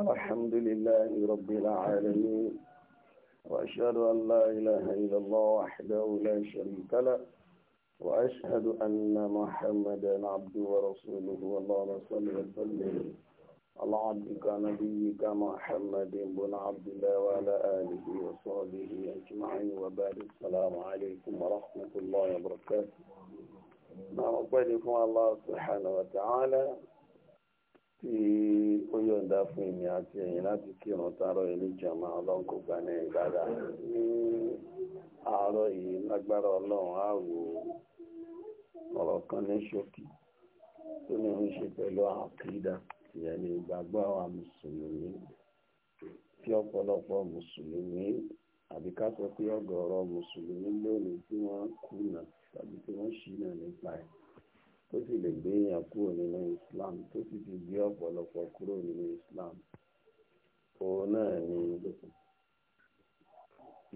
الحمد لله رب العالمين وأشهد أن لا إله إلا الله وحده لا شريك له وأشهد أن محمدا عبده ورسوله اللهم صل وسلم على عبدك نبيك محمد بن عبد الله وعلى آله وصحبه أجمعين وبعد السلام عليكم ورحمة الله وبركاته. نعم أقول الله سبحانه وتعالى tí ó yọ̀ǹda fún ìmì àti ẹ̀yìn láti kírun tààrọ̀ ilé jọmọ ọlọ́run kò gbà ní ìbára ní àárọ̀ yìí lágbára ọlọ́run á wò kan ní ṣókí tó ní ń ṣe pẹ̀lú àkídà ìyẹn ìgbàgbọ́ àwọn mùsùlùmí tí ọ̀pọ̀lọpọ̀ mùsùlùmí àbí ká sọ pé mùsùlùmí lónìí tí wọ́n kùnà tàbí tí wọ́n Islam ọ̀pọ̀lọpọ̀ kúrò nínú Islam òun náà ni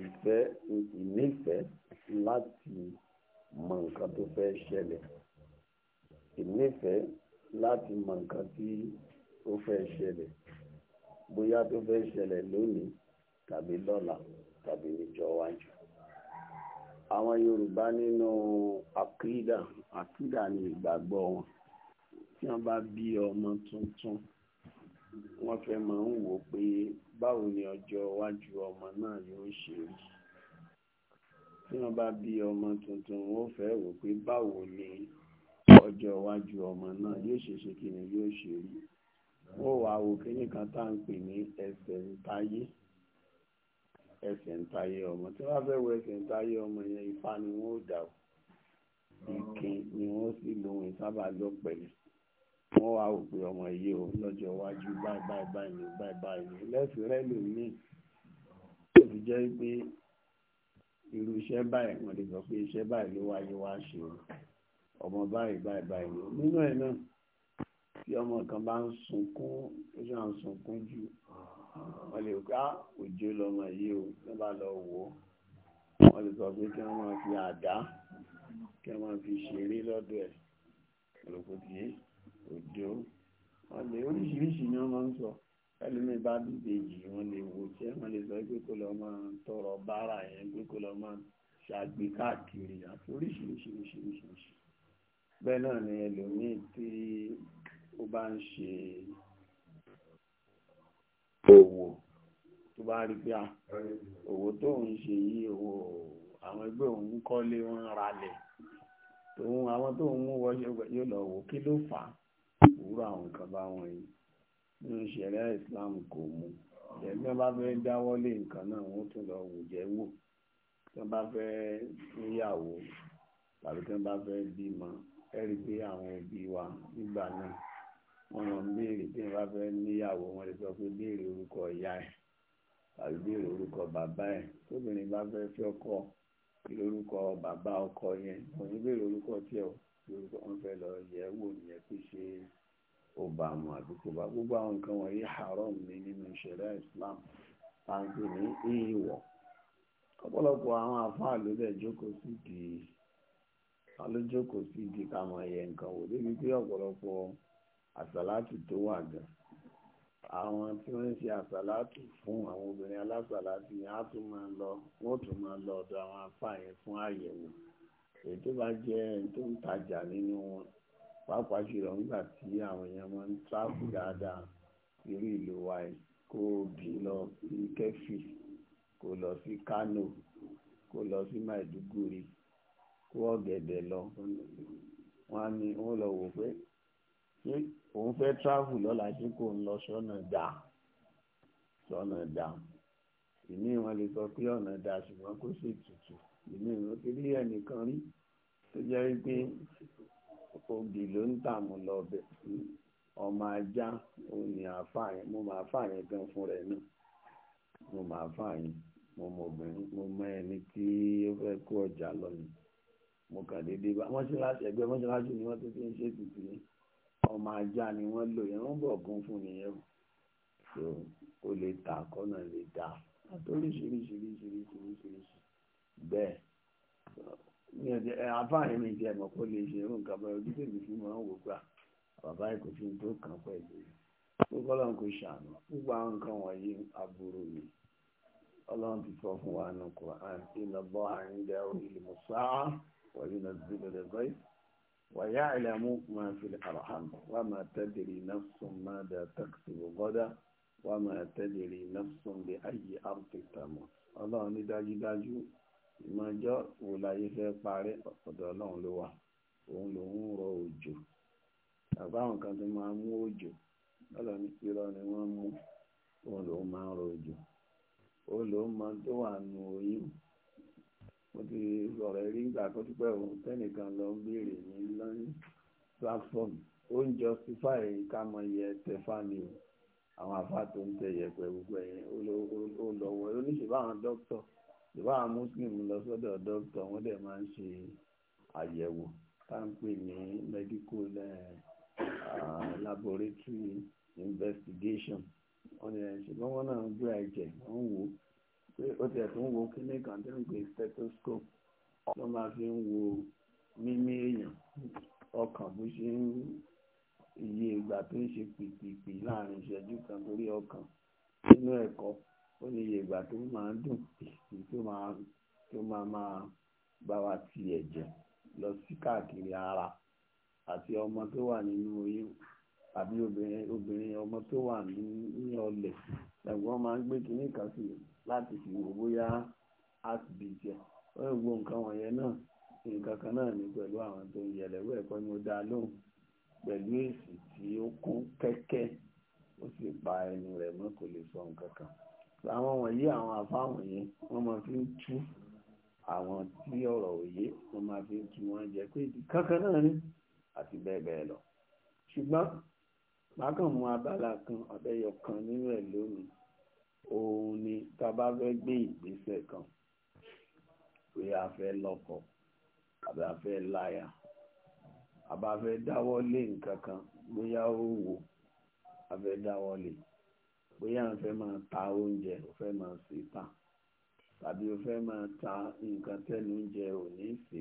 ìfẹ́ ìnífẹ̀ẹ́ láti mọ nǹkan tó fẹ́ ṣẹlẹ̀ ìnífẹ̀ẹ́ láti mọ nǹkan tí ó fẹ́ ṣẹlẹ̀ bóyá tó fẹ́ ṣẹlẹ̀ lónìí tàbí lọ́la tàbí níjọ́ wájú àwọn Yorùbá nínú àkídà àkídà ni ìgbàgbọ́ wọn wọ́n bá bí ọmọ tuntun wọ́n fẹ́ máa ń wò pé báwo ni ọjọ́ iwájú ọmọ náà yóò ṣe rí tí wọ́n bá bí ọmọ tuntun wọ́n fẹ́ wò pé báwo ni ọjọ́ iwájú ọmọ náà yóò ṣe ṣe kí ni yóò ṣe rí wọ́n wà wò kíní kan tá à ń pè ní ẹsẹ̀ ń ẹsẹ̀ ń ọmọ tí wọ́n fẹ́ wo ẹsẹ̀ ń ọmọ yẹn ifá ni wọ́n dà ó ìkín ni wọ́n sì lóhun ìsábà lọ pẹ̀lú wọ́n wá wò pé ọmọ yìí o lọ́jọ́ iwájú báyìí báyìí báyìí ní báyìí báyìí ní lẹ́sìn rẹ̀ lò ní tó fi jẹ́ pé irú iṣẹ́ báyìí wọ́n lè sọ pé iṣẹ́ báyìí ló wáyé wá ṣe o ọmọ báyìí báyìí báyìí ní nínú ẹ̀ náà tí ọmọ kan bá ń sunkún ó ṣe à ń sunkún jù wọ́n lè ká ah, òjò lọ́mọ yìí o tí wọ́n bá lọ wò ó wọ́n lè sọ pé kí wọ́n máa fi àdá kí wọ́n máa fi ṣeré lọ́dọ̀ ẹ̀ lọ́kùnrin yìí òjò ọlẹ oríṣiríṣi ni wọn máa ń sọ ẹlòmíín bá dìde jì wọn lè wò tí wọn lè sọ pé kó lọ máa tọrọ bára yẹn pé kó lọ máa ṣàgbé káàkiri àti oríṣiríṣi oríṣiríṣi bẹ́ẹ̀ náà ni ẹlòmíín tí ó bá ń ṣe òwò tó bá rí pé òwò tó ń ṣe yí òwò àwọn ẹgbẹ́ òun kọ́lé wọn ralẹ̀ tòun àwọn tó ń mú wọ́ṣẹ́ yóò lọ wò kí ló fà á irú àwọn nǹkan bá wọn yìí nínú ìṣẹ̀lẹ̀ Islam kò mú ẹgbẹ́ bá fẹ́ dáwọ́lé nǹkan náà wọ́n tún lọ wò jẹ́ wò tí wọ́n bá fẹ́ níyàwó tàbí tí wọ́n bá fẹ́ bímọ ẹ rí i pé àwọn òbí wa nígbà náà wọ́n mọ̀ ń béèrè tí wọ́n bá fẹ́ níyàwó wọ́n lè sọ pé béèrè orúkọ ìyá ẹ̀ tàbí béèrè orúkọ bàbá ẹ̀ tóbìnrin bá fẹ́ fi ọkọ kí lórúkọ bàbá ọkọ yẹn òní béèrè orúkọ tiẹ̀ o lórúkọ wọn fẹ́ lọ yẹ̀ wò nìyẹn pé ṣe é ó bá mu àbí kò bá gbogbo àwọn nǹkan wọ̀nyí haram ní nínú ìṣẹ̀lẹ̀ Islam tàǹkì ní ìwọ̀ ọ̀pọ̀lọpọ̀ àwọn àfáà ló dẹ̀ jókòó sí di ló jókòó sí di ká mọ ẹyẹ nǹkan wò débi pé ọ̀pọ̀lọpọ̀ àsàlátù tó wà gan àwọn tí wọ́n ń ṣe àsàlátù fún àwọn obìnrin alásàlátù yẹn á tún máa lọ wọ́n tún máa lọ ọ̀dọ̀ àwọn àfáà fún àyẹ̀wò èyí tó bá jẹ́ tó ń tajà nínú wọn pàápàá jùlọ nígbà tí àwọn èèyàn máa ń tráfù dáadáa irú ìlú wa yìí kó bì lọ sí kẹfì kó lọ sí Kánò kó lọ sí Maiduguri kó ọ̀gẹ̀dẹ̀ lọ wọn á wọn lọ wò pé ṣé òun fẹ́ tráfù lọ́la ṣé kò ń lọ sọ́nà dà sọ́nà dà ìní wọn lè sọ pé ọ̀nà dà ṣùgbọ́n kó sì tutù ìní wọn kiri ẹnìkan rí tó jẹ́ pé obì ló ń dààmú lọ́bẹ̀ ọmọ ajá òun ni àfààyàn mo máa fààyàn gan fún rẹ̀ náà mo máa fààyàn mo mọ obìnrin mo mọ ẹni tí ó fẹ́ kó ọjà lọ ni mo kàn déédéé bá mọ́ṣáláṣí ẹgbẹ́ mọ́ṣáláṣí ni wọ́n ti fi ń ṣètùtù yẹn ọmọ ajá ni wọ́n lò yẹn wọ́n bọ̀ gún fún nìyẹn o so ó lè ta kọ́nà lè dá àtòríṣiríṣiríṣiríṣiríṣiríṣi àfáàní mi jẹ́ mọ̀ kó lè ṣe irú nǹkan bẹ́ẹ̀ ojú tèmi fún mọ́ wò gbà bàbá ìkò fi tó kàn pẹ̀lú gbogbo ọlọ́run kò ṣàánú gbogbo àwọn nǹkan wọ̀nyí aburú mi ọlọ́run ti sọ fún wa nù Qur'an inna Allaha indahu ilmu as-sa'ah wa yunazzilu al-ghayth wa ya'lamu ma fil arham wa ma tadri nafsun madha taksibu ghadan wa ma tadri nafsun bi ayyi ìmọ̀jọ́ wò láyé fẹ́ parẹ́ ọ̀dọ̀ ọlọ́run ló wà òun lòun rọ òjò bàbá àwọn kan tó máa mú òjò lọ́lọ́ ní irọ́ ni wọ́n mú òun lòun máa ń rọ òjò òun lòun mọ tó wà nù oyún mo ti sọ̀rọ̀ rí ìgbà tó ti pẹ́ òun tẹ́nìkan lọ ń béèrè ní lọ́yìn platform ó ń justify ká mọ iye tẹfani àwọn afá tó ń tẹ yẹpẹ gbogbo ẹ̀yẹn ó lọ wọ oníṣèlú àwọn dókítà ìwà àwọn muslim lọ sọ́dọ̀ dókítà wọ́n dẹ̀ máa ń ṣe àyẹ̀wò tá ń pè ní medical eh, ah, laboratory investigation wọ́n ní ṣùgbọ́n wọ́n náà ń gbé ẹ̀jẹ̀ wọ́n ń wò ó pé ó tiẹ̀ tó ń wo kíní kan tó ń pè stethoscope ló máa fi ń wo mímí èèyàn ọkàn bó ṣe ń iye ìgbà tó ń ṣe pìpìpì láàrin ìṣẹ́jú kan torí ọkàn nínú ẹ̀kọ́ ó ní iye ìgbà tó máa ń dùn tó máa tó máa máa bá wa ti ẹ̀jẹ̀ lọ sí káàkiri ara àti ọmọ tó wà nínú oyún àbí obìnrin ọmọ tó wà ní ọlẹ̀ ẹ̀gbọ́n máa ń gbé kinní kan sí láti fi wò bóyá asibiti ẹ̀ ó ń gbọ́ nǹkan wọ̀nyẹn náà nǹkan kan náà ní pẹ̀lú àwọn tó ń yẹlẹ̀wọ́ ẹ̀kọ́ ni ó dá lóhùn pẹ̀lú èsì tí ó kún kẹ́kẹ́ ó sì pa ẹnu rẹ̀ mọ́ kò lè sọ nǹkan kan àwọn wọ̀nyí àwọn àfá wọ̀nyí wọ́n máa fi ń tú àwọn tí ọ̀rọ̀ òye wọ́n máa fi ń tú wọn jẹ pé ìdí kankan náà ni àti bẹ́ẹ̀ bẹ́ẹ̀ lọ ṣùgbọ́n bákan mú abala kan ọ̀bẹ́yọ kan nínú ẹ̀ lónìí òun ni tá bá fẹ́ gbé ìgbésẹ̀ kan pé a fẹ́ lọ́kọ àbí a fẹ́ láya àbá fẹ́ dáwọ́ lé nǹkan kan bóyá ó wò a fẹ́ dáwọ́ lé bóyá ń fẹ́ máa ta oúnjẹ ó fẹ́ máa ṣe tà tàbí ó fẹ́ máa ta nǹkan tẹ́nu oúnjẹ ò ní ṣe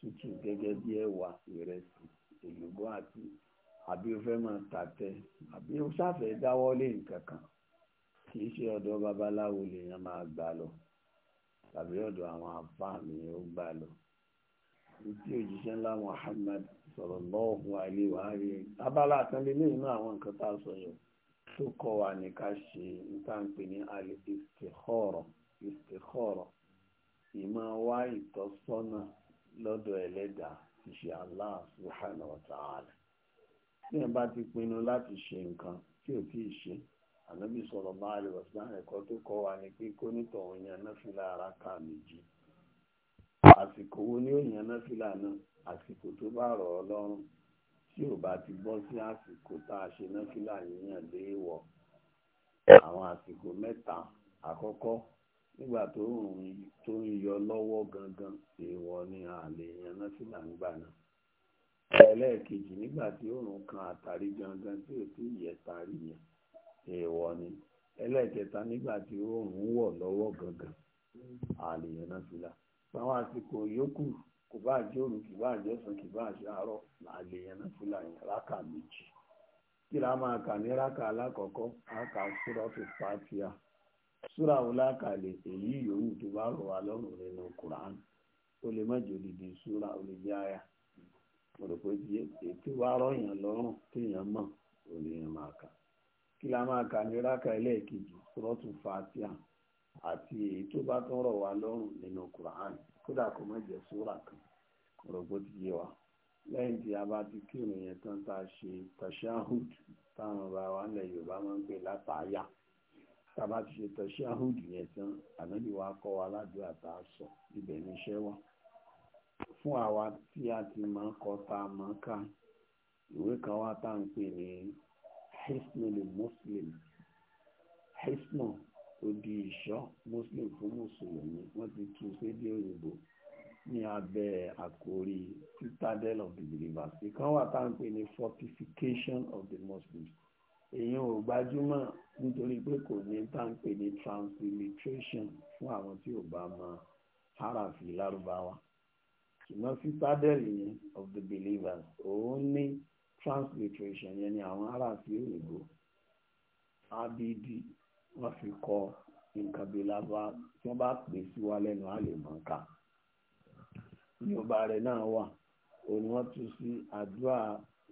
tútù gẹ́gẹ́ bí ẹ̀wà ìrẹsì èlùbọ́ àti àbí ó fẹ́ máa tàtẹ àbí ó ṣàfẹ́ dáwọ́lé nǹkan kan kì í ṣe ọ̀dọ̀ babaláwo lèèyàn máa gbà lọ tàbí ọ̀dọ̀ àwọn àfáà lèèyàn ó gbà lọ ìtí òjíṣẹ́ ńlá Muhammad sallallahu alaihi wa alihi abala àtàlélẹ́yìn náà àwọn nǹkan tá a sọ yẹn tó kọ́ wa ní ká ṣe nípa ń pè ní al-istikhara istikhara ìmọ̀ wá ìtọ́sọ́nà lọ́dọ̀ ẹlẹ́dà ti ṣe Allah subhanahu wa ta'ala tí ẹ bá ti pinnu láti ṣe nǹkan tí ò tí ì ṣe ànábì sallallahu alaihi wasallam ẹ̀kọ́ tó kọ́ wa ni pé kó nítọ̀hún yan náfìlà ara ká méjì àsìkò wo ni ó yan náà àsìkò tó bá rọ̀ ọ́ lọ́rùn tí ò bá ti bọ́ sí àsìkò tá a ṣe náfìlà yíyàn léèwọ̀ àwọn àsìkò mẹ́ta àkọ́kọ́ nígbà tó ń tó ń yọ lọ́wọ́ gangan èèwọ̀ ni a lè yan náfìlà nígbà náà ẹlẹ́ẹ̀kejì nígbà tí kan àtàrí gangan tí ò tí yẹ tàrí yẹn èèwọ̀ ni ẹlẹ́ẹ̀kẹta nígbà tí òòrùn wọ̀ gangan a lè àsìkò yòókù kò bá àjẹ́ òru kì bá àjẹ́ àárọ̀ fúlàní rákà méjì la máa kà ní rákà alákọ̀ọ́kọ́ rákà súra tó fàtíà súra èyí yòówù tó bá rọ̀ wá lọ́rùn nínú kùránù ó lè má jò dìde súra ó àyà mo ètò rọ̀yàn lọ́rùn téèyàn mọ̀ máa kà kí kódà kò má jẹ́ súrà kan rògbò ti yé wa lẹ́yìn tí a bá ti kírun yẹn tán tá a ṣe tashahud táwọn ọba wa ńlẹ̀ yorùbá máa ń pè látàáyà tá a bá ti ṣe tashahud yẹn tán ànábì wa kọ́ wa ládùúgbò àtà sọ ibẹ̀ wa fún àwa tí a ti máa ń tá a máa ká ìwé kan wá tá à ń pè ní hisnul muslim hisnul ó di ìṣọ́ muslim fún mùsùlùmí wọ́n ti tú sédé òyìnbó ní abẹ́ àkórí citadel of the believers ìkan wà tá à ń pè ní fortification of the muslims èyí ò gbajúmọ̀ nítorí pé kò ní tá à ń pè ní transliteration fún àwọn tí ò bá mọ harafi lárúbáwá ṣùgbọ́n citadel yẹn of the believers òun ní transliteration yẹn ni àwọn harafi òyìnbó abd wọ́n fi kọ nǹkan bíi lábá tí wọ́n bá pè sí wa lẹ́nu á lè mọ̀ ká ní ọba rẹ̀ náà wà òun wọ́n tún sí àdúrà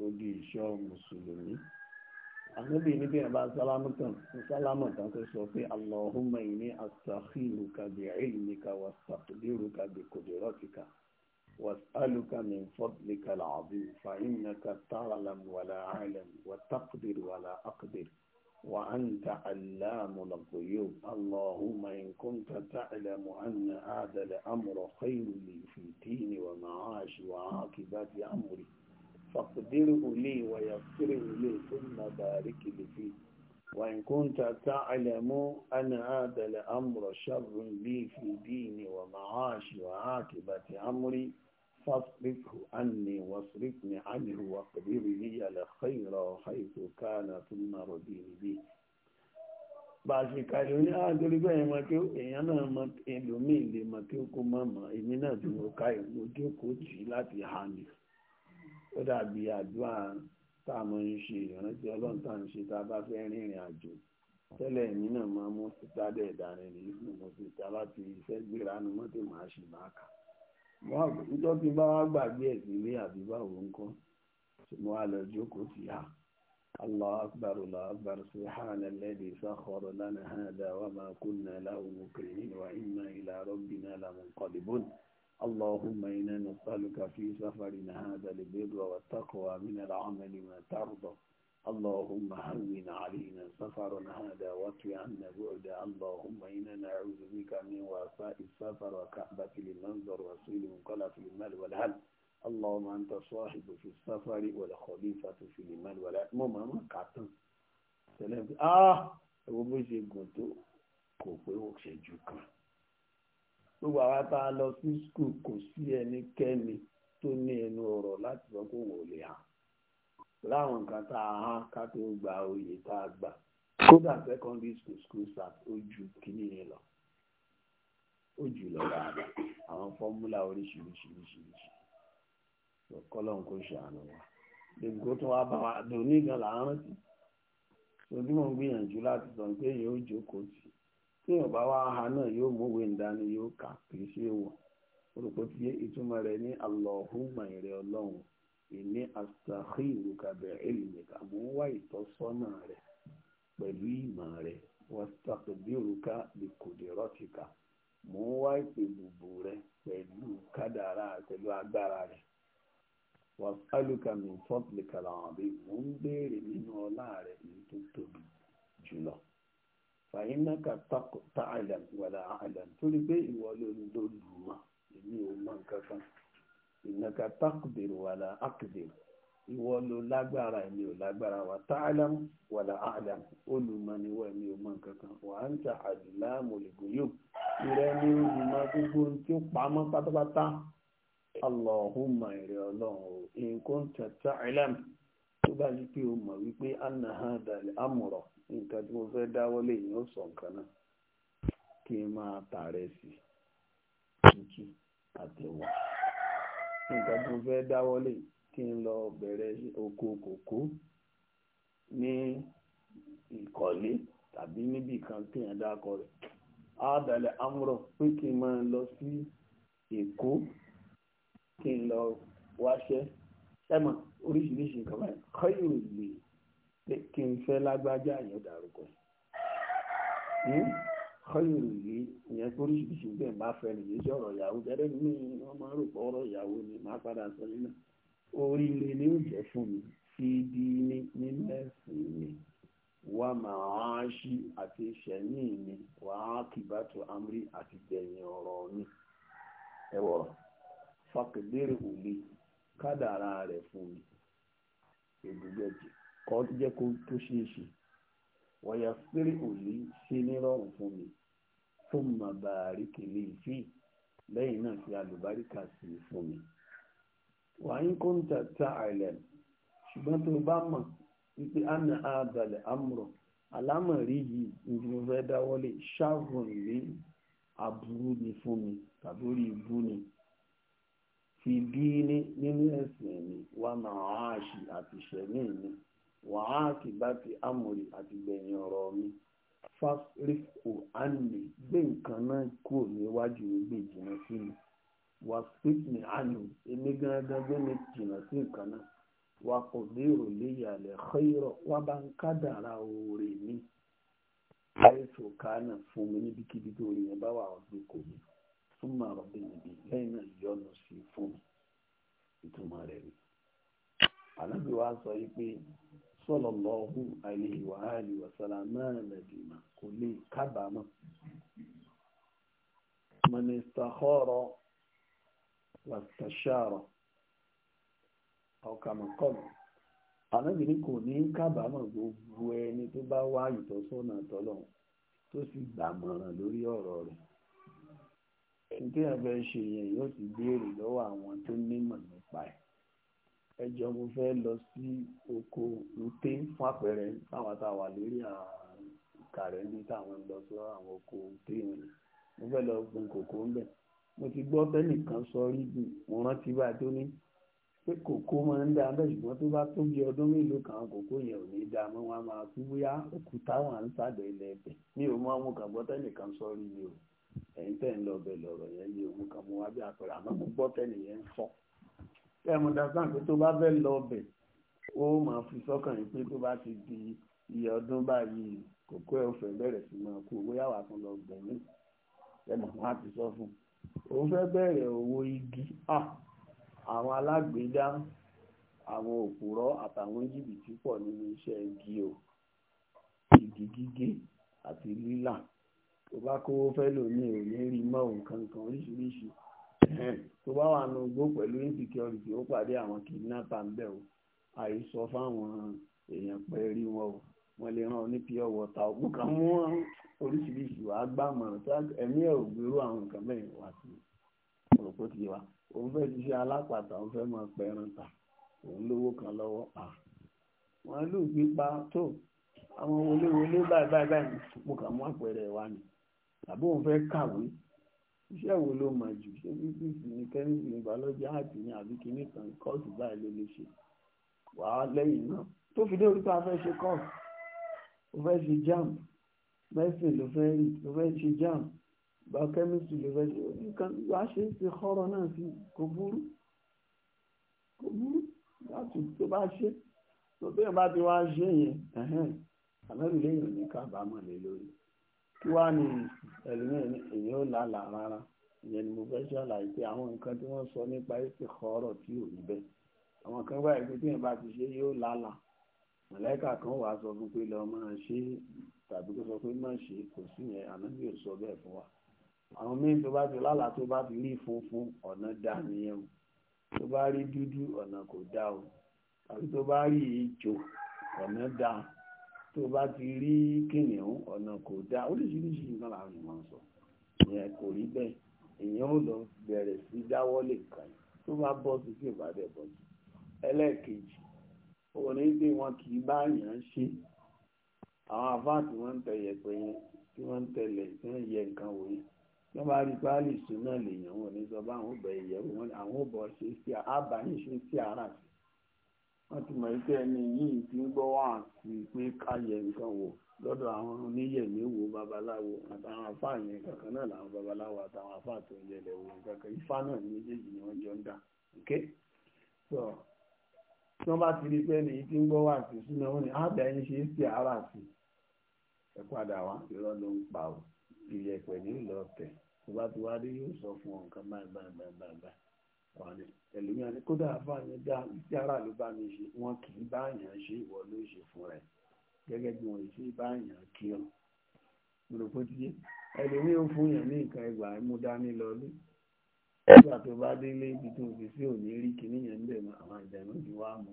odi ìṣọ́ mùsùlùmí ànábì níbi ẹ̀ bá sálámù tán sálámù tán tó sọ pé allahumma inni astakhiruka bi ilmika wastaqdiruka bi qudratika واسألك من فضلك العظيم فإنك تعلم ولا أعلم وتقدر ولا أقدر وأنت علام الغيوب اللهم إن كنت تعلم أن هذا الأمر خير لي في ديني ومعاشي وعاقبات أمري فاقدره لي ويغفره لي ثم بارك لي فيه وإن كنت تعلم أن هذا الأمر شر لي في ديني ومعاشي وعاقبة أمري فاصرفه عني واصرفني عنه واقدر لي الخير حيث كان ثم رديني به bá a ṣe kàrí ní àádọ́rí bẹ́ẹ̀ mọ́ kí èèyàn náà mọ́ ẹlòmíì lè mọ́ kí ó kó mọ́ mọ́ èmi náà tí mo ká ìmú jókòó jì láti hà mí ó dàbí àdúrà tá a mọ̀ ń ṣe ìrántí ọlọ́run tá à ń ṣe tá a bá fẹ́ rìnrìn àjò tẹ́lẹ̀ èmi náà máa mú sítádẹ̀ dání ní mo fi ta láti iṣẹ́ gbéra nu mọ́tò máa ṣì máa kà á níjọ́ tí bá wá gbàgbé ẹ̀sìn ilé àbí báwo ń kọ́ tí mo wá lọ jókòó tì á allah akbar allah akbar subhana alladhi sakhkhara lana hadha wa ma kunna lahu muqrinin wa inna ila rabbina lamunqalibun اللهم إنا نسألك في سفرنا هذا البر والتقوى من العمل ما ترضى اللهم هون علينا سفر هذا واطوي عنا بعده اللهم إنا نعوذ بك من وفاء السفر وكعبة المنظر وسوء المنقلة المال والهل اللهم أنت صاحب في السفر والخليفة في المال والهل ماما ما كاتم سلام آه gbogbo ṣe gùn tó kò pé ó ṣẹ́jú kan gbogbo àwa tá a lọ sí skul kò láwọn nǹkan tá a hán ká tó gba oyè tá a gbà kódà secondary school school start ó ju kínní yẹn lọ ó jù lọ dáadáa àwọn fọ́múlà oríṣiríṣiríṣiríṣi kọ́lọ́n kò ṣàánú wa lèkó tó wá bá wa dùn nígan là ń rántí ojú mọ̀ ń gbìyànjú láti sọ pé èèyàn ó jókòó tì tí èèyàn bá wá ha náà yóò mọ̀wé ìdání yóò kà kì í ṣe wọ̀ olùkọ́ tí ìtumọ̀ rẹ̀ ní àlọ́hùnmọ̀ ìrẹ̀ ọlọ́run ìní àṣàkí ìrùkàbẹ̀ ìlmìkà mò ń wá ìtọ́sọ́nà rẹ pẹ̀lú ìmọ̀ rẹ wàtàkùdírùkà bìkùdìrọ́tìkà mò ń wá ìpèbùbù rẹ pẹ̀lú kádàrá pẹ̀lú agbára rẹ wàsálùkà mi fọ́tìlìkà làwọn àbí mò ń béèrè nínú ọlá rẹ èyí tó tóbi jùlọ fàyínàkà tààlà wàlà àlà torí pé ìwọ ló ń èmi ò mọ nǹkan kan ìnàkà takbiru wàlà akbiru ìwọ ló lágbára èmi ò lágbára wa ta'lam wàlà a'lam olùmọ̀niwọ̀ èmi ò mọ̀ nǹkan kan wa anta allamu al-ghuyub ìrẹ́ ní olùmọ̀ gbogbo tí ó pamọ́ pátápátá allahumma ìrẹ́ ọlọ́run in kunta ta'lam tó bá yí pé o mọ̀ wípé anna hadha al nǹkan tí mo fẹ́ dáwọ́lé yìí ó sọ nǹkan náà kí n máa tààrẹ sí i tútù àtẹ̀wọ̀ nǹkan tó fẹ́ dáwọ́lé kí n lọ bẹ̀rẹ̀ oko kòkó ní ìkọ̀lé tàbí níbi kan kí n dákọ rẹ̀ á dalẹ̀ amúrọ̀ pé kí n máa lọ sí Èkó kí n lọ wáṣẹ́ ẹ̀mọ̀ oríṣiríṣi nǹkan báyìí kọ́yìn òye kí n fẹ́ lágbájá yẹn dárúkọ. kọ́yìn yìí ìyẹn pé isi bẹ́ẹ̀ bá fẹ́ nìyí sọ̀rọ̀ ìyàwó tẹ́lẹ̀ ní wọ́n máa ń rò pọ̀ ọ̀rọ̀ ìyàwó ni máa padà sọ nínú oríire ni ó jẹ́ fún mi fi di ní nínú mi wà máa ń ṣí àti ìṣẹ̀yìn mi wà á amúrí àti gbẹ̀yìn ọ̀rọ̀ mi fàkìlérè rẹ̀ fún mi kọ́ jẹ́ kó tó thumma bariki li fi lẹ́yìn náà fi àlùbáríkà sí i fún mi. wà á ń kóńtà tá àìlẹ̀ ṣùgbọ́n tó bá mọ̀ wípé àna àbàlẹ̀ àmúrọ̀ alámọ̀rí yìí ní mo fẹ́ dáwọ́lé ṣáàrùn ní aburú ni fún mi tàbí orí ibú ni fi bí ní nínú ẹ̀sìn mi wà máa áṣì àti ìṣẹ̀mí mi wà á kì bá ti àmúrí àti gbẹ̀yìn ọ̀rọ̀ mi fásitìkù ánì gbé nǹkan náà kúrò níwájú gbé jìnnà sí mi wà fífìní ánì èmi gangan gbé mi jìnnà sí nǹkan náà wà kò dé òrùlé ìyàlẹ̀ xeyọrọ wà bá ń kádàrà òòrè mi àìsàn kánà fún mi níbikíbi tó rí yẹn bá wà ọdún kò mi fún màrọ bí níbi lẹ́yìn náà yọnu sí fún mi ìtumọ̀ rẹ̀ rí alábìwá sọ yìí pé sallallahu alaihi wa alihi wa sallam náà nàdìmà kò lè kábàámọ̀. man istakhara wastashara aw kama qala ànábìrin kò ní kábàámọ̀ gbogbo ẹni tó bá wá ìtọ́sọ́nà tọ́lọ́run tó sì gbàmọ̀ràn lórí ọ̀rọ̀ rẹ̀ ní tí a fẹ́ ṣe yẹn yóò ti béèrè lọ́wọ́ àwọn tó nímọ̀ nípa ẹ̀ ẹjọ́ mo fẹ́ lọ sí oko ute fún àpẹẹrẹ táwọn àtàwà lórí àrùn ìkàrẹ́ ní táwọn ń lọ sí àwọn oko ute wọn mo fẹ́ lọ gbin kòkó ńbẹ̀ mo ti gbọ́ tẹ́nìkan sọ rí bí mo rántí báyìí tó ní pé kòkó máa ń dá bẹ́ẹ̀ ṣùgbọ́n tó bá tó bí ọdún mélòó kan kòkó yẹn ò ní dá mọ́ wọn máa kú bóyá òkúta wà ń sàdọ̀ ilẹ̀ ẹ̀bẹ̀ mi ò mọ àwọn kan gbọ́ tẹ́nìkan sọ rí mi o ẹ̀yin tẹ́ ń lọ bẹ̀ lọ̀rọ̀ yẹn mi ò mọ kàn mọ́ wá bí àpẹẹrẹ àmọ́ mo gbọ́ tẹ́nìyẹn ń fọ́ ẹmu dasan pé tó bá fẹ́ lọ bẹ̀ ó máa fi sọ́kàn yìí pé tó bá ti di iye ọdún báyìí kòkó ẹ̀ fẹ́ bẹ̀rẹ̀ sí máa kú bóyá wàá tún lọ gbẹ̀mí ẹmu wọn á ti sọ fún un òun fẹ́ bẹ̀rẹ̀ owó igi àwọn alágbèédá àwọn òpùrọ́ àtàwọn jìbìtì pọ̀ nínú iṣẹ́ igi o igi gígé àti lílà tó bá kówó fẹ́ lò ní òní rí mọ́ nǹkan kan oríṣiríṣi tó bá wà nù gbó pẹ̀lú insecurity ó pàdé àwọn kidnapper ń bẹ̀ o àìsọ fáwọn èèyàn pẹ̀lú wọn o wọ́n lè ràn ọ́ ní pure water òkú kan mú oríṣiríṣi wàá gbàmọ̀ràn ẹ̀mí ẹ̀ ò gbèrú àwọn nǹkan bẹ́ẹ̀ wá sí òròpó ti wa òun fẹ́ ti ṣe alápàtà òun fẹ́ máa pẹran ta òun lówó kan lọ́wọ́ à wọ́n lù pípa tó àwọn wọléwọlé báyìí báyìí báyìí mo kàn mú àpẹẹrẹ wa ni tàbí òun fẹ́ kàwé iṣẹ́ wo ló mọ̀ jù ṣé fífíìsì ni kẹ́mísì ni bàọ́lọ́jì áàtì ni àbí kìíní kan kọ́ọ̀sì báyìí ló lè ṣe wà á lẹ́yìn náà tó fi dé orí pé a fẹ́ ṣe kọ́ọ̀sì ó fẹ́ ṣe jam mẹ́sìn ló fẹ́ rí ló fẹ́ ṣe jam gba kẹ́mísì ló fẹ́ ṣe nǹkan wà á ṣe é ṣe kọ́rọ̀ náà sí kò burú kò burú láti tó bá ṣe tó bẹ́ẹ̀ bá ti wá ṣe yẹn àmẹ́rù lẹ́yìn ò ní kábàámọ̀ lé lórí kí wàá ní ẹlòmíràn ní èyí ò lálà rárá ìyẹn ni mo fẹ́ ṣàlàyé pé àwọn nǹkan tí wọ́n sọ nípa ètò ọ̀rọ̀ tí ò ní bẹ́ẹ̀ àwọn kan bá ìpín tí yẹn bá ti ṣe yóò lálà mọ̀lẹ́kà kan wàá sọ fún pé lọ máa ṣe tàbí kó sọ pé má ṣe kò sí yẹn ànábì ò sọ bẹ́ẹ̀ fún wa àwọn míín tó bá ti lálà tó bá ti rí funfun ọ̀nà dá nìyẹn o tó bá rí dúdú ọ̀nà kò dá o tàbí tó bá rí ìjò ọ̀nà dá o tó bá ti rí kìnìún ọ̀nà kò dáa oríṣiríṣi nǹkan làwọn èèyàn sọ ìyẹn kò rí bẹ́ẹ̀ èèyàn ò lọ bẹ̀rẹ̀ sí dáwọ́lé kan tó bá bọ́ sí sí ìbàdàn bọ́ sí ẹlẹ́ẹ̀kejì òun ní pé wọn kì í bá èèyàn ṣe àwọn àfáà tí wọ́n ń tẹ yẹ̀pẹ̀ yẹn tí wọ́n ń tẹlẹ̀ tí wọ́n yẹ nǹkan wò yẹn wọ́n bá rí páálí ìṣúná lèèyàn wọn ní sọ bá àwọn ò wọ́n ti mọ̀ pé ẹni yìí ti ń gbọ́ wà sí pé káyẹ̀ nǹkan wò lọ́dọ̀ àwọn oníyẹ̀mí wo babaláwo àtàwọn àfáà yẹn kankan náà làwọn babaláwo àtàwọn àfáà tó ń yẹlẹ̀ wo kankan ifá náà ní méjèèjì ni wọ́n jọ ń dà ok so tí wọ́n bá ti rí pé ẹni yìí ti ń gbọ́ wà sí sínú wọn ni àbẹ̀ ẹni ṣe é sí ara sí ẹ padà wá irọ́ ló ń pa ìyẹ̀pẹ̀ ní ìlọ́ọ̀tẹ̀ tó bá ti wá dé yóò sọ fún ọ nǹkan báyìí báyìí báyìí báyìí ẹlòmíà ni kódà bá mi dá tí ara ló bá mi ṣe wọn kì í báyàn ṣe ìwọ ló ṣe fún rẹ gẹ́gẹ́ bí wọn ṣe báyàn kí ọ lòpótíyé ẹlòmíà ń fún yàn ní nǹkan ẹgbà mú dání lọlé nígbà tó bá délé ibi tó fi sí òní rí kíní yẹn ń bẹ̀ mọ́ àwọn ìdẹ̀nu ti wá mú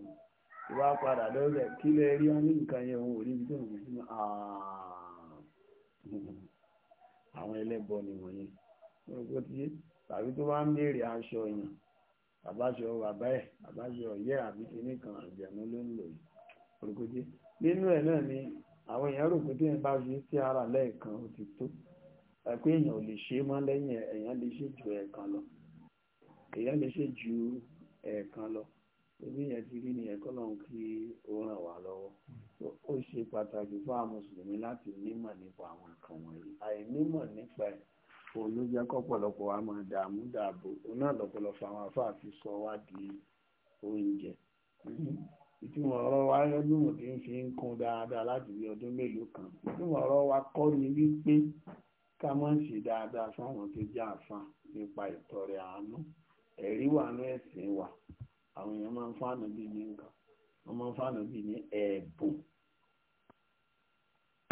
ìwà padà lọ́sẹ̀ kí lẹ rí wọn ní nǹkan yẹn òun ò rí ibi tó fi sí mọ́ àwọn ẹlẹ́bọ ni wọ̀nyẹn lòpótíyé tàbí tó bá ń béèrè aṣọ yẹn àbáṣọ bàbá ẹ̀ àbáṣọ ọ̀yẹ́ àbí kíní kan àjẹ̀mú ló ń lò yìí olùkọ́jẹ́ nínú ẹ̀ náà ni àwọn èèyàn rò pé tí wọ́n bá fi sí ara lẹ́ẹ̀kan ó ti tó pé èèyàn ò lè ṣe mọ́ lẹ́yìn èèyàn lè ṣe ju ẹ̀ẹ̀kan lọ èèyàn lè ṣe ju ẹ̀ẹ̀kan lọ ebi yẹn ti rí ni kọ́ lóun kí ó ràn wá lọ́wọ́ ó ṣe pàtàkì fún àwọn mùsùlùmí láti nímọ̀ nípa àwọn nǹkan wọ̀nyí àìnímọ̀ nípa ẹ̀ òun ló jẹ́ kọ́pọ̀lọpọ̀ wa máa dààmú dààbò òun náà lọ́pọ̀lọpọ̀ àwọn sọ wá di oúnjẹ ìtumọ̀ ọ̀rọ̀ wa ń fi ń dáadáa láti kan ìtumọ̀ ọ̀rọ̀ wa kọ́ ni wípé ká ṣe dáadáa fáwọn tó jẹ́ àfa nípa àánú ẹ̀rí ní ẹ̀sìn wa àwọn èèyàn máa ń bí ní nǹkan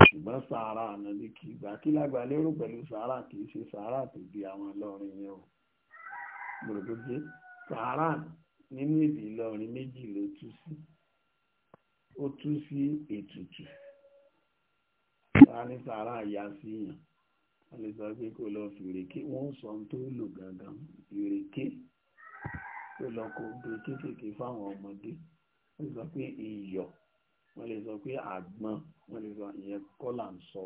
ṣùgbọ́n sàárà ànábì kì í gbà kí lágbà lérò pẹ̀lú sàárà kì í ṣe sàárà tó di àwọn Ìlọrin yẹn o gbòdòdó sàárà nínú èdè Ìlọrin méjì ló tú sí ó tú sí ètùtù sàárà sàárà ya sí yàn wọ́n lè sọ pé kó lọ fi ìrèké wọ́n sọ ohun tó lò gangan ìrèké kó lọ kó gbé kéékèèké fáwọn ọmọdé wọ́n sọ pé iyọ̀ wọ́n lè sọ pé àgbọn wọ́n lè sọ ìyẹn kọ́là ń sọ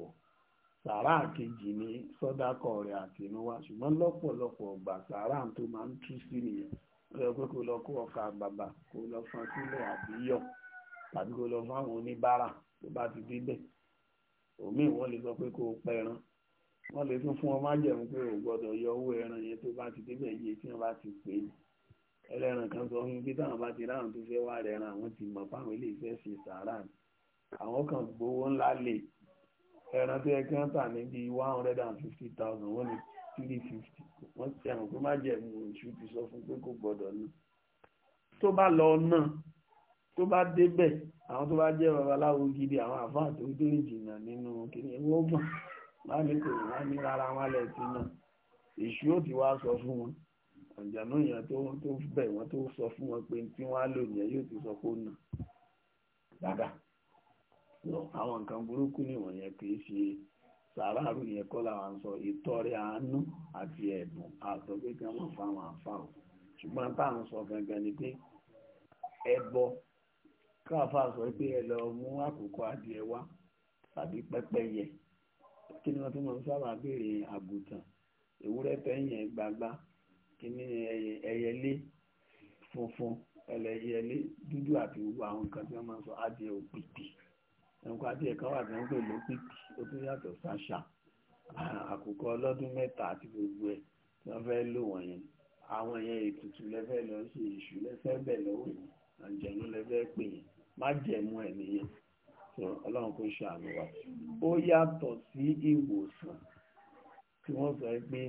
sàrà kejì ni sọ́dákọ̀ rẹ̀ àtinúwá ṣùgbọ́n lọ́pọ̀lọpọ̀ ọgbà sàrà tó máa ń tú sí nìyẹn wọ́n lọ pé kó lọ kó ọkà bàbà kó lọ fọn sílẹ̀ àbí yọ̀ tàbí kó lọ fáwọn oníbàárà tó bá ti débẹ̀ òmíì wọ́n lè sọ pé kó o pẹran wọ́n lè tún fún ọ májẹ̀mú pé o gbọ́dọ̀ yọ owó ẹran yẹn tó bá ti débẹ̀ yìí tí wọ́n bá ti pè é ẹlẹ́ran kan sọ fún bí táwọn bá ti ráhùn tó fẹ́ wá rẹ̀ ran àwọn ti mọ̀ fáwọn ilé ìfẹ́ ṣe sàárà ni àwọn kan gbowó ńlá lè ẹran tó yẹ kí wọ́n tà ní bíi one hundred and fifty thousand wọ́n ní three fifty wọ́n ti àwọn pé má jẹ́ oṣù ti sọ fún pé kò gbọ́dọ̀ ná tó bá lọ náà tó bá débẹ̀ àwọn tó bá jẹ́ babaláwo gidi àwọn àfáà tó dé ìjìnà nínú kìnìún wọ́n gbọ̀n wọ́n ní kò wọ́n ní rárá wọn lẹ̀ sí náà èṣù ó ti wá sọ fún wọn àǹjànú yẹn tó tó bẹ̀ wọ́n tó sọ fún wọn pé tí wọ́n á lò nìyẹn yóò ti sọ pé ó nà dáadáa àwọn nǹkan burúkú nìwọ̀nyẹn kì í ṣe sàráàrù yẹn kọ́ làwọn sọ ìtọrẹ àánú àti ẹ̀bùn àtọ́ pé kí wọ́n fa àwọn àfa o ṣùgbọ́n tá à ń sọ gangan ni pé ẹbọ káfà sọ pé ẹ lọ mú àkókò adìẹ wá tàbí pẹ́pẹ́yẹ kí ni wọ́n tún máa sábà béèrè àgùntàn ewúrẹ́ tẹ́yìn ẹ̀ gbagba kíní ẹyẹlé funfun ẹlẹyẹlé dúdú àti gbogbo àwọn nǹkan tí wọ́n máa ń sọ adìẹ òpìtì ẹnìkan adìẹ kan wà tí wọ́n pè lópìtì ó tún yàtọ̀ sáṣà àkùkọ ọlọ́dún mẹ́ta àti gbogbo ẹ̀ tí wọ́n fẹ́ lò wọ́n yẹn àwọn yẹn ètùtù lẹ́fẹ́ lọ ṣe èṣù lẹ́fẹ́ bẹ̀ lọ́wọ́ yẹn àjẹmú lẹ́fẹ́ pè yẹn má jẹ̀mú ẹ̀ nìyẹn tó ọlọ́run kò ṣe àmì wa ó yàtọ̀ sí ìwòsàn tí wọ́n sọ pé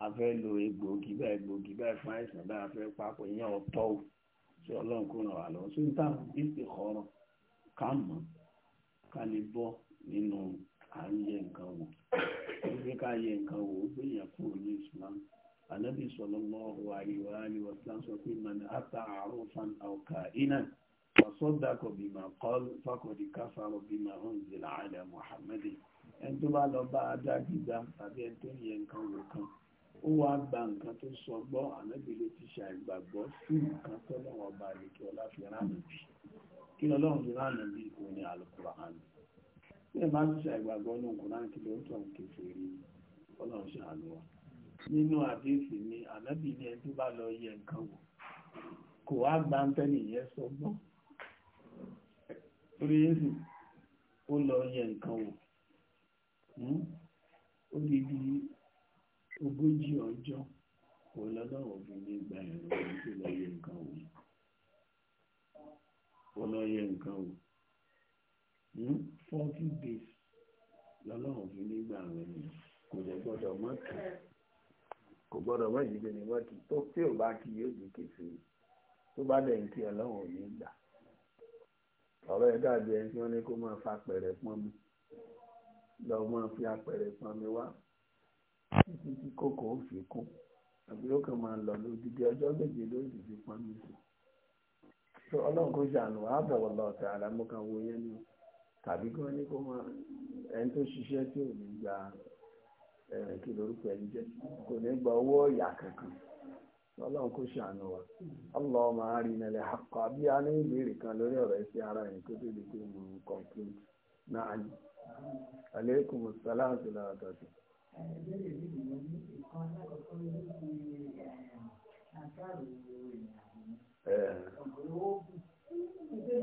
a fẹ́ lo egbòogi báyìí egbòogi báyìí fún àìsàn báyìí a fẹ́ papọ̀ ìyẹn ọ̀tọ̀ o ṣé ọlọ́run kò ràn wá lọ́wọ́ ṣé n ta istikhara ká mọ̀ ká lè bọ́ nínú à ń yẹ nǹkan wò wípé ká yẹ nǹkan wò ó gbé yẹn kúrò ní Islam anabi sallallahu alaihi wa alihi wa sọ pé man ata arufan aw ka'inan wa saddaqa bima qala faqad kafara bima unzila ala Muhammadin ẹni tó bá lọ bá adágbígbá tàbí ẹni tó yẹ nǹkan wò kan ó wá gba nǹkan tó sọ gbọ́ ànábì ló ti ṣe àìgbàgbọ́ sí nǹkan tó lọ́wọ́ ọba àlekè ọlá fi ránà bí kí ọlọ́run fi ránà bí kò ní alukur'an bí ẹ bá ti ṣe àìgbàgbọ́ ní alukur'an kí ló ń tọ̀ kékeré ọlọ́run ṣàánú wa nínú àdéhùn ni ànábì ni ẹni tó bá lọ yẹ nǹkan wò kò wá gba ntẹ́nì yẹn sọ gbọ́ torí yéésù ó lọ yẹ nǹkan wò hmm? ó di bíi ogójì ọjọ́ olọ́lọ́wọ́ fi ní gba ẹ̀rọ orí tó lọ yẹ nǹkan wò ó lọ yẹ nǹkan wò forty days lọ́lọ́wọ́ fi ní gba àwọn ènìyàn kò lè gbọ́dọ̀ mọ́ kì kò gbọ́dọ̀ mọ́ ìdíje ni wọ́n kì tó tí ò bá kì yóò di kèfé tó bá dẹ̀ ń kí ọlọ́wọ́ ní gbà ọ̀rọ̀ ẹ̀ dàbí ẹni tí wọ́n ní kó máa fa apẹ̀rẹ̀ pọ́n mi lọ́ọ́ máa fi apẹ̀rẹ̀ pọ́n mi wá títí tí kòkó ó fi kú àbí ó kàn máa lọ lódìdí ọjọ́ méje ló fi pọn mi sùn tó ọlọ́run ṣàánú ààbọ̀ ọ̀tẹ̀ wo yẹn ni tàbí kí wọ́n ní kó máa ẹni tó ṣiṣẹ́ tí ò ní gba kí lórúkọ ẹni jẹ́ kò ní gba owó ọ̀yà kankan ọlọ́run ṣàánú wa a ní ìbéèrè kan lórí ọ̀rọ̀ ara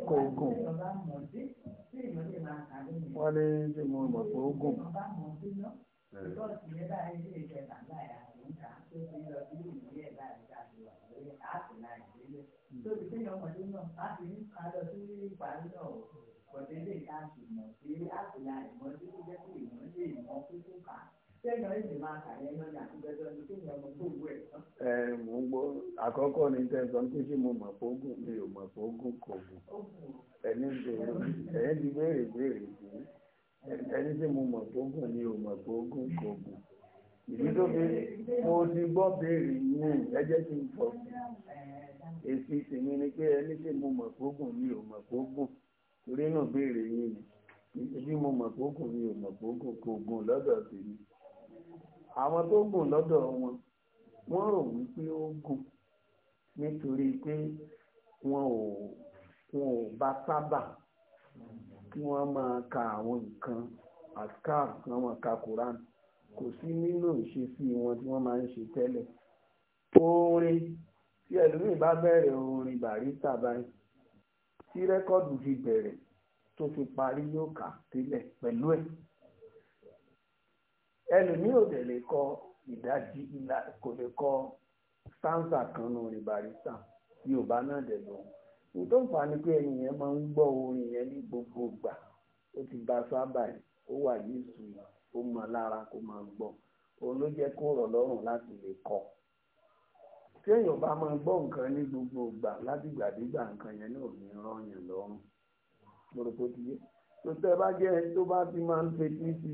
kò gùn wọ́n ní tí mo mọ̀ pé ó gùn. Thank ẹ gbọ́ àkọ́kọ́ ni tẹ̀sán tó ṣe mo mọ̀ fógún mi ò mọ̀ fógún kò gùn ẹni bèrè ẹni ti béèrè béèrè sí ẹni tí mo mọ̀ fógún mi ò mọ̀ fógún kò gùn ìdí tó fi mo ti gbọ́ béèrè yín ẹ jẹ́ kí n fọ̀ èsì tèmi ni pé ẹni tí mo mọ̀ fógún mi ò mọ̀ fógún torí náà béèrè yín ni ìdí mo mọ̀ fógún mi ò mọ̀ fógún kò gùn lọ́dọ̀ tèmi àwọn tó gùn lọ́dọ̀ wọn wọ́n rò wípé ó gùn nítorí pé wọn ò wọn ò bá sábà kí wọ́n máa ka àwọn nǹkan àkàr àwọn kakuran kò sí nínú ìṣesí wọn tí wọ́n máa ń ṣe tẹ́lẹ̀ orin tí ẹlòmíì bá bẹ̀rẹ̀ orin bàrísà báyìí tí rẹ́kọ́ọ̀dù fi bẹ̀rẹ̀ tó fi parí yóò kà sílẹ̀ pẹ̀lú ẹ̀. ẹlòmíì ò dẹ̀ lè kọ idaji ìlà kò lè kọ sáǹsà kan nù rìn bàrísà yorùbá náà dẹ̀ lòun nítorí fà ni pé ẹni yẹn máa ń gbọ́ orin yẹn ní gbogbo ìgbà ó ti gba sábà yìí ó wà yéésù yìí ó mọ lára kó máa gbọ́ òun ló jẹ́ kó lọ́rùn láti kọ tí èèyàn bá máa gbọ́ gbogbo ìgbà nǹkan yẹn ní òní lọ́rùn yé tó tẹ́ bá jẹ́ tó bá ti máa ń fetí sí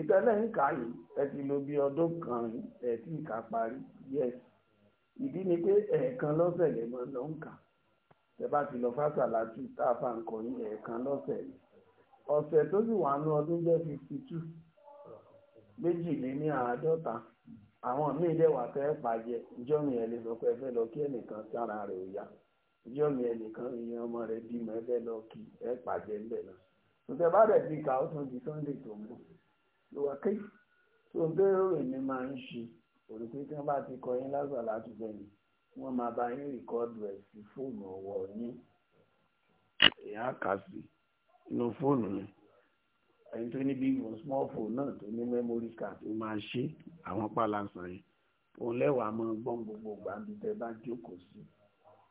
ìtẹ́lẹ̀ ń kà yìí ẹ ti lò bí ọdún kan ẹ ti kà parí yes ìdí ni pé ẹ̀ẹ̀kan lọ́sẹ̀ lè máa lọ kà bá ti lọ fásitì láti tá a fà ń kọ yín ẹ̀ẹ̀kan lọ́sẹ̀ yìí ọ̀sẹ̀ tó sì wà ní ọdún jẹ́ fifty two méjìléní àádọ́ta àwọn míì dẹ̀ wà fẹ́ pàjẹ́ mi ẹ̀ lè sọ pé ẹ fẹ́ lọ kí ẹnìkan mi ìyẹn ọmọ rẹ̀ bímọ ẹ fẹ́ lọ kí ẹ pàjẹ́ ńbẹ̀ náà Sunday tó ń lówàké tó ń bẹ̀rẹ̀ rẹ̀ ní máa ń ṣe òrò pé tí wọ́n bá ti kọ yín lásà láti bẹ̀yìn wọ́n máa bá yín rìkọ́dù ẹ̀ sí fóònù ọwọ́ yín èèyàn kà sí inú fóònù yẹn ẹni tó ní bí small phone náà tó ní memory card ó máa ṣe àwọn pàlànsà yẹn òun lẹ́wàá máa gbọ́n gbogbo gbàǹdì tẹ bá jókòó sí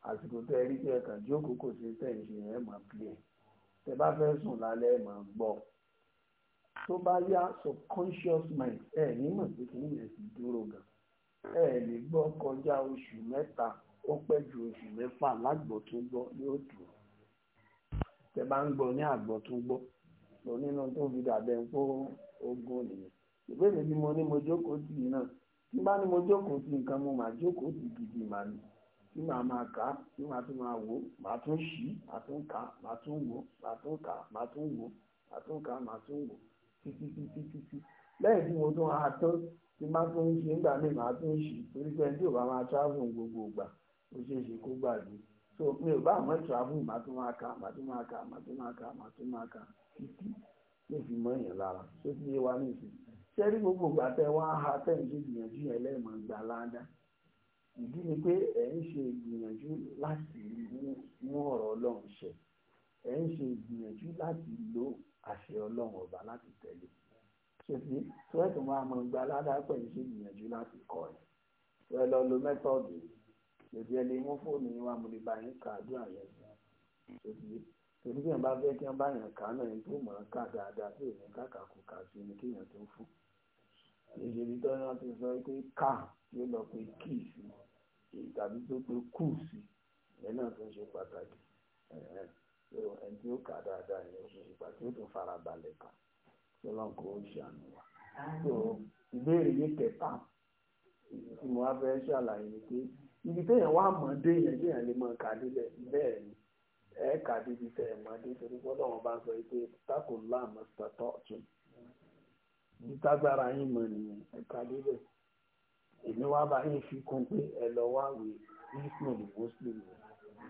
àsìkò tẹ rí tẹ kàn jókòó kò sí tẹ̀ ń ṣe ẹ̀ máa play tẹ bá fẹ́ sùn lálẹ́ ẹ̀ máa gbọ́ tó bá yá subconscious mind ẹ ní mọ̀ pé kí nìyẹn ti dúró gan ẹ lè gbọ́ kọjá oṣù mẹ́ta ó pẹ́ ju oṣù mẹ́fà lágbọ̀ tó gbọ́ yóò dúró tẹ bá ń gbọ́ ní àgbọ̀ tó gbọ́ lọ nínú tó fi dàbẹ̀ ń kó ogun nìyẹn ìbéèrè bí mo ní mo jókòó tì í náà tí bá ní mo jókòó tì nǹkan mo mà jókòó tì gidi mà ní tí màá máa kà á tí màá tún máa wò ó màá tún ṣí màá tún kà á màá tún wò ó màá tún kà á màá tún wò ó màá tún kà á màá tún wò ó. títítítítítí lẹ́yìn tí mo tún á tán ti má tún ń ṣe nígbà míì tún ń ṣe torí pé ẹni tí ò bá máa travel gbogbo ìgbà ó ṣeé ṣe kó gbàgbé so mi ò bá àmọ́ travel má tún máa kà má tún máa kà má tún máa kà má tún máa kà títí ló fi mọ́ èèyàn lára tó ti yé wa nìsín ṣé rí gbogbo ìgbà tẹ wá ha tẹ̀ ń ṣe ìgbìyànjú yẹn lẹ́ẹ̀mọ̀ gbà láńdá ìdí ni pé ẹ̀ ń ṣe ìgbìyànjú láti mú ọ̀rọ̀ Ọlọ́run ṣẹ ẹ̀ ń ṣe ìgbìyànjú láti lò àṣẹ ọlọ́run ọba láti tẹ̀lé ṣèṣì tíwẹ́ẹ̀tì máa mọ gba aládàá pẹ̀lú ṣe ìgbìyànjú láti kọ́ ẹ̀ wẹ́ẹ́ lọ lo mẹ́tọ́ọ̀dù ṣèṣì ẹni mú fóònù yín wá mo lè bá yín ka àdúrà yẹn gan ṣèṣì torí bí wọ́n bá fẹ́ kí wọ́n bá yàn ká náà tó mọ̀ ká dáadáa tí èèyàn kàkàkù kà sí ni kéèyàn tó fún ìṣèlú tó náà ti sọ pé ká tí ó lọ pé kì sí tàbí tó pé kù sí náà tó ń ṣe pàtàkì so ẹni tí ó kà dáadáa yẹn oṣù ìgbà tí ó tún fara balẹ̀ kan tó lọ́n kó o ṣàánú wa. so ìbéèrè yìí kẹta tí mo wá fẹ́ ṣàlàyé ni pé ibi téèyàn wá mọ̀ dé yẹn téèyàn lè mọ̀ ká délẹ̀ bẹ́ẹ̀ ni ẹ kà débi tẹ̀ ẹ̀ mọ̀ dé torí gbọ́dọ̀ wọn bá sọ pé tako láàmú sọtọ́ tún ìtagbára yín mọ̀ nìyẹn ẹ kà délẹ̀ èmi wá bá yín fi kún pé ẹ lọ wá wí muslim muslim yẹn.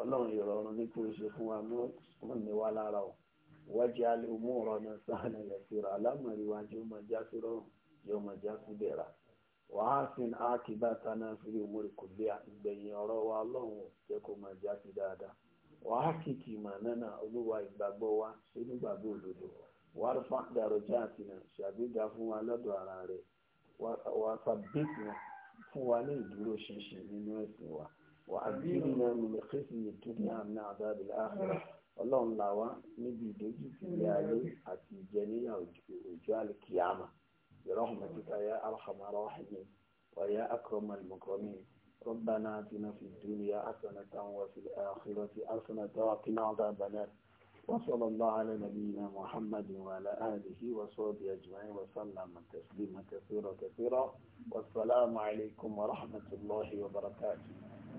ọlọ́run ìrọ̀rùn ní kí o ṣe fún wa mọ́ ní wa lára o wájú alẹ́ mú ọ̀rọ̀ náà sáànà yẹ̀sìrà alámọ̀ríwájú ọmọ jásí rọrùn yóò mọ̀ jásí bẹ̀rà wàá sin ákìbá tánà fílẹ̀ òmùrè kò lé ìgbẹ̀yìn ọ̀rọ̀ wa ọlọ́run jẹ́ kó mọ̀ jásí dáadáa wàá kìkì ìmọ̀ náà olúwa ìgbàgbọ́ wa ṣe nígbàgbọ́ òdodo wàá fà dàrọ̀jà àtìnà ṣàgbéga fún wa lọ́dọ̀ ara rẹ̀ wàá sàbẹ̀tì fún wa ní ìdúró ṣinṣin nínú ẹ̀sìn wa وأجرنا من خزي الدنيا من عذاب الآخرة اللهم لا wá níbi ìdójútì ilé ayé àti ìjẹniyà òjò كيامة برحمتك يا أرحم الراحمين ويا أكرم المكرمين ربنا آتنا في الدنيا حسنة وفي الآخرة حسنة وقنا عذاب النار وصلى الله على نبينا محمد وعلى آله وصحبه أجمعين وسلم تسليما كثيرا كثيرا والسلام عليكم ورحمة الله وبركاته